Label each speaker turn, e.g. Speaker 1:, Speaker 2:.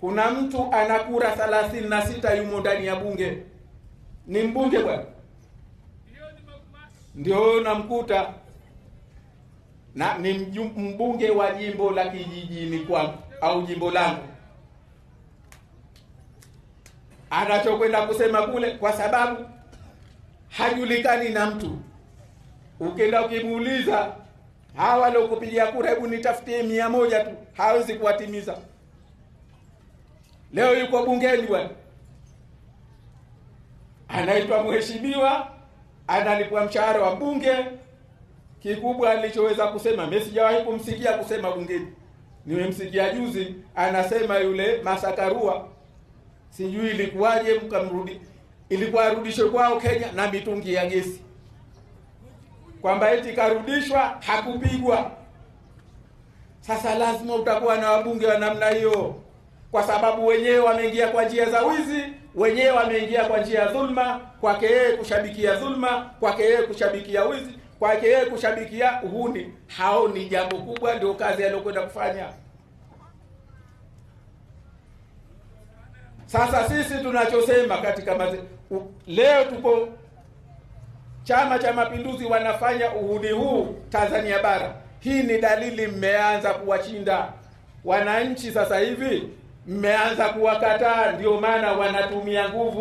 Speaker 1: Kuna mtu ana kura 36 yumo ndani ya bunge, ni mbunge bwana, ndio namkuta na ni mbunge wa jimbo la kijijini kwangu au jimbo langu, anachokwenda kusema kule, kwa sababu hajulikani na mtu. Ukienda ukimuuliza hawa waliokupigia kura, hebu nitafutie mia moja tu, hawezi kuwatimiza leo yuko bungeni bwana, anaitwa mheshimiwa, analipwa mshahara wa bunge. Kikubwa alichoweza kusema, mimi sijawahi kumsikia kusema bungeni, nimemsikia juzi anasema yule Masakarua, sijui ilikuwaje, mkamrudi ilikuwa arudishwe kwao Kenya na mitungi ya gesi, kwamba eti karudishwa, hakupigwa. Sasa lazima utakuwa na wabunge wa namna hiyo kwa sababu wenyewe wameingia kwa njia za wizi, wenyewe wameingia kwa njia ya dhulma, kwake yeye kushabikia dhulma, kwake yeye kushabikia wizi, kwake yeye kushabikia uhuni. Hao ni jambo kubwa, ndio kazi aliyokwenda kufanya. Sasa sisi tunachosema katika maze, u, leo tupo Chama cha Mapinduzi wanafanya uhuni huu Tanzania bara. Hii ni dalili mmeanza kuwachinda wananchi sasa hivi mmeanza kuwakataa, ndio maana wanatumia nguvu.